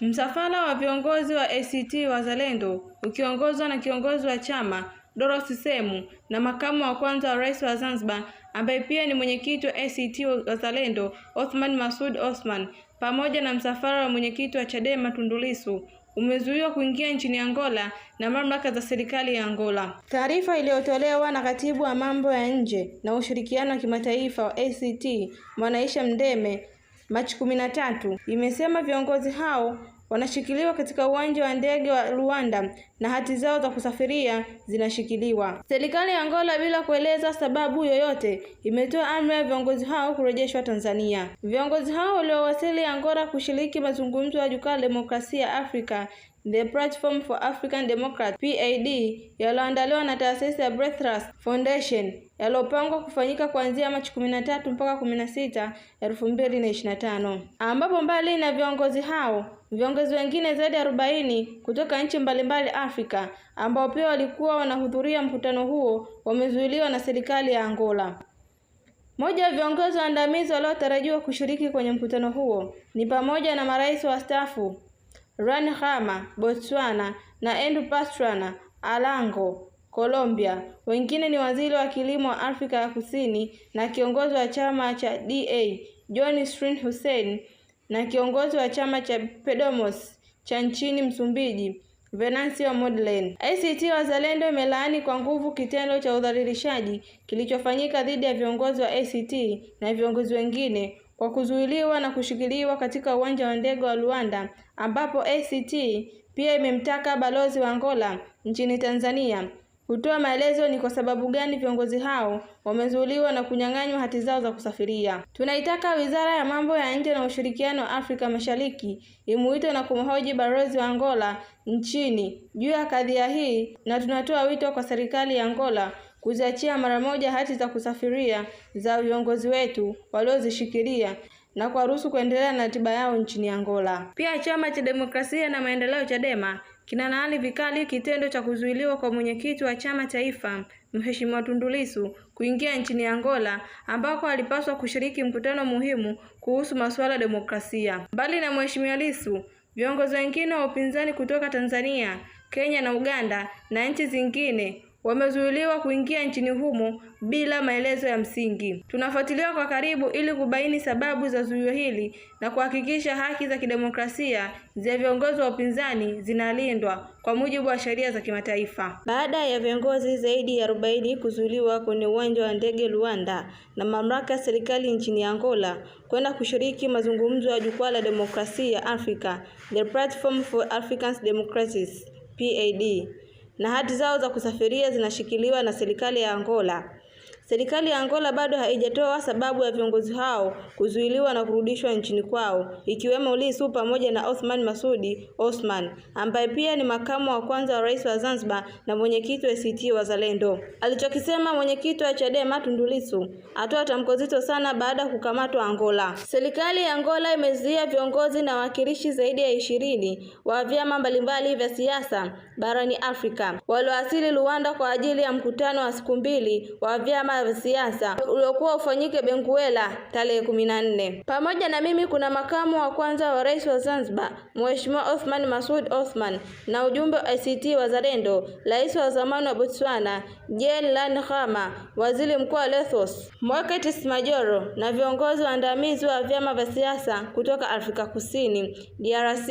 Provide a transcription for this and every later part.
Msafara wa viongozi wa ACT Wazalendo ukiongozwa na kiongozi wa chama Doros Semu na makamu wa kwanza wa rais wa Zanzibar ambaye pia ni mwenyekiti wa ACT Wazalendo Othman masud Othman pamoja na msafara wa mwenyekiti wa Chadema Tundu Lissu umezuiwa kuingia nchini Angola na mamlaka za serikali ya Angola. Taarifa iliyotolewa na katibu wa mambo ya nje na ushirikiano wa kimataifa wa ACT Mwanaisha Mdeme Machi kumi na tatu imesema viongozi hao wanashikiliwa katika uwanja wa ndege wa Luanda na hati zao za kusafiria zinashikiliwa. Serikali ya Angola bila kueleza sababu yoyote imetoa amri ya viongozi hao kurejeshwa Tanzania. Viongozi hao waliowasili Angola kushiriki mazungumzo ya jukwaa la demokrasia Afrika The Platform for African Democrats PAD yaliyoandaliwa na taasisi ya Breath Trust Foundation yaliyopangwa kufanyika kuanzia Machi kumi na tatu mpaka kumi na sita elfu mbili na ishirini na tano ambapo mbali na viongozi hao viongozi wengine zaidi ya arobaini kutoka nchi mbalimbali Afrika ambao pia walikuwa wanahudhuria mkutano huo wamezuiliwa na serikali ya Angola. Moja ya viongozi waandamizi waliotarajiwa kushiriki kwenye mkutano huo ni pamoja na marais wastaafu Ranihama Botswana na endu Pastrana Alango Colombia. Wengine ni waziri wa kilimo wa Afrika ya Kusini na kiongozi wa chama cha DA John Srin Hussein na kiongozi wa chama cha pedomos cha nchini Msumbiji Venancio Mondlane. ACT Wazalendo imelaani kwa nguvu kitendo cha udhalilishaji kilichofanyika dhidi ya viongozi wa ACT na viongozi wengine kwa kuzuiliwa na kushikiliwa katika uwanja wa ndege wa Luanda ambapo ACT pia imemtaka balozi wa Angola nchini Tanzania kutoa maelezo ni kwa sababu gani viongozi hao wamezuiliwa na kunyang'anywa hati zao za kusafiria. Tunaitaka Wizara ya Mambo ya Nje na Ushirikiano wa Afrika Mashariki imuite na kumhoji balozi wa Angola nchini juu ya kadhia hii, na tunatoa wito kwa serikali ya Angola kuziachia mara moja hati za kusafiria za viongozi wetu waliozishikilia na kuwaruhusu kuendelea na ratiba yao nchini Angola. Pia chama cha demokrasia na maendeleo Chadema kinalaani vikali kitendo cha kuzuiliwa kwa mwenyekiti wa chama taifa Mheshimiwa Tundu Lissu kuingia nchini Angola ambako alipaswa kushiriki mkutano muhimu kuhusu masuala ya demokrasia. Mbali na Mheshimiwa Lissu, viongozi wengine wa upinzani kutoka Tanzania, Kenya na Uganda na nchi zingine wamezuiliwa kuingia nchini humo bila maelezo ya msingi. Tunafuatiliwa kwa karibu ili kubaini sababu za zuio hili na kuhakikisha haki za kidemokrasia za viongozi wa upinzani zinalindwa kwa mujibu wa sheria za kimataifa. Baada ya viongozi zaidi ya arobaini kuzuiliwa kwenye uwanja wa ndege Luanda na mamlaka ya serikali nchini Angola kwenda kushiriki mazungumzo ya jukwaa la demokrasia Afrika, The Platform for African Democracies, PAD na hati zao za kusafiria zinashikiliwa na serikali ya Angola Serikali ya Angola bado haijatoa sababu ya viongozi hao kuzuiliwa na kurudishwa nchini kwao, ikiwemo Lissu pamoja na Othman Masudi Osman ambaye pia ni makamu wa kwanza wa rais wa Zanzibar na mwenyekiti wa ACT Wazalendo. Alichokisema mwenyekiti wa Chadema Tundu Lissu atoa tamko zito sana baada ya kukamatwa Angola. Serikali ya Angola imezuia viongozi na wawakilishi zaidi ya ishirini wa vyama mbalimbali vya siasa barani Afrika walioasili Luanda kwa ajili ya mkutano wa siku mbili wa vyama vyama vya siasa uliokuwa ufanyike Benguela tarehe kumi na nne. Pamoja na mimi kuna makamu wa kwanza wa rais wa Zanzibar Mheshimiwa Othman Masud Othman na ujumbe wa ACT Wazalendo, rais wa zamani wa Botswana Jelan Khama, waziri mkuu wa Lesotho Moeketsi Majoro na viongozi waandamizi wa vyama vya siasa kutoka Afrika Kusini, DRC,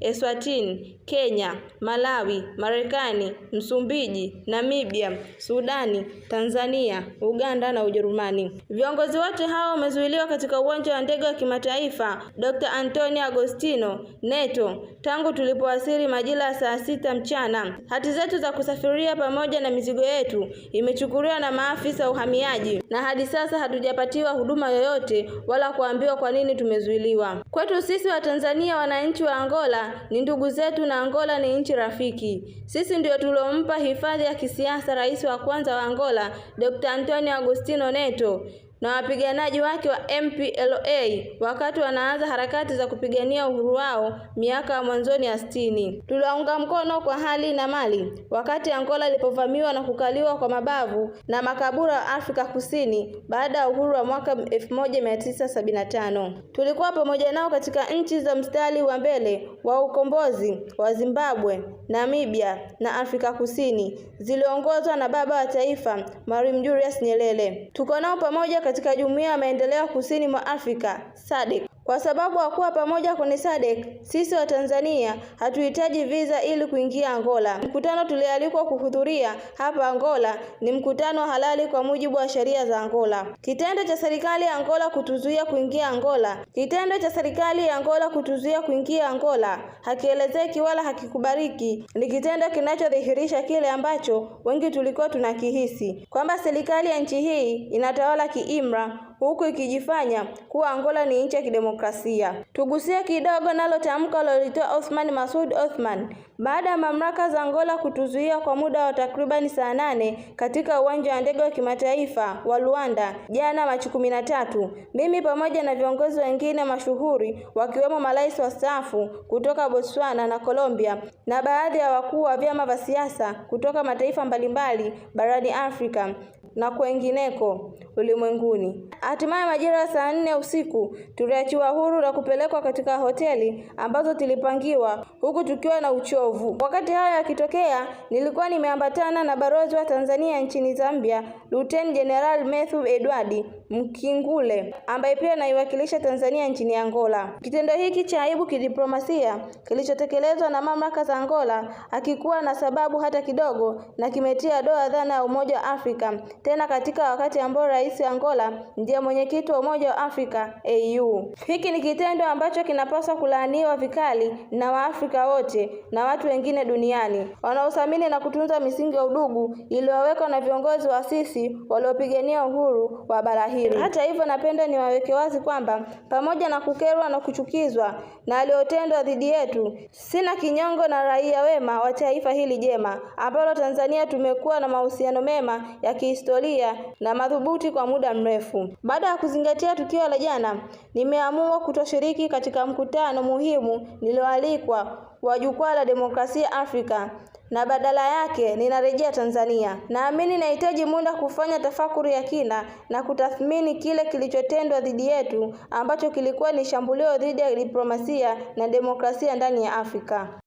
Eswatini, Kenya, Malawi, Marekani, Msumbiji, Namibia, Sudani, Tanzania Uganda na Ujerumani. Viongozi wote hao wamezuiliwa katika uwanja wa ndege wa kimataifa Dr. Antonio Agostino Neto tangu tulipowasili majira ya saa sita mchana. Hati zetu za kusafiria pamoja na mizigo yetu imechukuliwa na maafisa uhamiaji na hadi sasa hatujapatiwa huduma yoyote wala kuambiwa kwa nini tumezuiliwa. Kwetu sisi wa Tanzania, wananchi wa Angola ni ndugu zetu na Angola ni nchi rafiki. Sisi ndio tuliompa hifadhi ya kisiasa rais wa kwanza wa Angola Dr. Antonio Antonio agostino Neto na wapiganaji wake wa MPLA wakati wanaanza harakati za kupigania uhuru wao miaka ya mwanzoni ya sitini. Tuliwaunga mkono kwa hali na mali wakati Angola ilipovamiwa na kukaliwa kwa mabavu na makabura wa Afrika Kusini baada ya uhuru wa mwaka 1975. Tulikuwa pamoja nao katika nchi za mstari wa mbele wa ukombozi wa Zimbabwe, Namibia na Afrika Kusini ziliongozwa na baba wa taifa Mwalimu Julius Nyerere. Tuko nao pamoja katika Jumuiya ya Maendeleo Kusini mwa Afrika SADC kwa sababu hakuwa pamoja kwenye SADC. Sisi wa Tanzania hatuhitaji visa ili kuingia Angola. Mkutano tulialikwa kuhudhuria hapa Angola ni mkutano halali kwa mujibu wa sheria za Angola. Kitendo cha serikali ya Angola kutuzuia kuingia Angola, kitendo cha serikali ya Angola kutuzuia kuingia Angola hakielezeki wala hakikubariki. Ni kitendo kinachodhihirisha kile ambacho wengi tulikuwa tunakihisi kwamba serikali ya nchi hii inatawala kiimra huku ikijifanya kuwa Angola ni nchi ya kidemokrasia. Tugusie kidogo nalo tamko alilolitoa Othman Masoud Othman baada ya mamlaka za Angola kutuzuia kwa muda wa takribani saa nane katika uwanja wa ndege wa kimataifa wa Luanda jana Machi kumi na tatu. Mimi pamoja na viongozi wengine mashuhuri wakiwemo marais wastaafu kutoka Botswana na Colombia na baadhi ya wakuu wa vyama vya siasa kutoka mataifa mbalimbali barani Afrika na kwengineko ulimwenguni. Hatimaye majira ya saa nne usiku tuliachiwa huru na kupelekwa katika hoteli ambazo tulipangiwa, huku tukiwa na uchovu. Wakati hayo yakitokea, nilikuwa nimeambatana na balozi wa Tanzania nchini Zambia, Luteni General Methu Edward Mkingule, ambaye pia anaiwakilisha Tanzania nchini Angola. Kitendo hiki cha aibu kidiplomasia kilichotekelezwa na mamlaka za Angola hakikuwa na sababu hata kidogo, na kimetia doa dhana ya umoja wa Afrika tena katika wakati ambao rais Angola ndiye mwenyekiti wa Umoja wa Afrika AU. Hiki ni kitendo ambacho kinapaswa kulaaniwa vikali na Waafrika wote na watu wengine duniani wanaothamini na kutunza misingi ya udugu iliyowekwa na viongozi wa asisi waliopigania uhuru wa bara hili. Hata hivyo, napenda niwaweke wazi kwamba pamoja na kukerwa na kuchukizwa na aliyotendwa dhidi yetu, sina kinyongo na raia wema wa taifa hili jema ambalo Tanzania tumekuwa na mahusiano mema ya kihistoria kihistoria na madhubuti kwa muda mrefu. Baada ya kuzingatia tukio la jana, nimeamua kutoshiriki katika mkutano muhimu nilioalikwa wa Jukwaa la Demokrasia Afrika na badala yake ninarejea Tanzania. Naamini nahitaji muda kufanya tafakuri ya kina na kutathmini kile kilichotendwa dhidi yetu ambacho kilikuwa ni shambulio dhidi ya diplomasia na demokrasia ndani ya Afrika.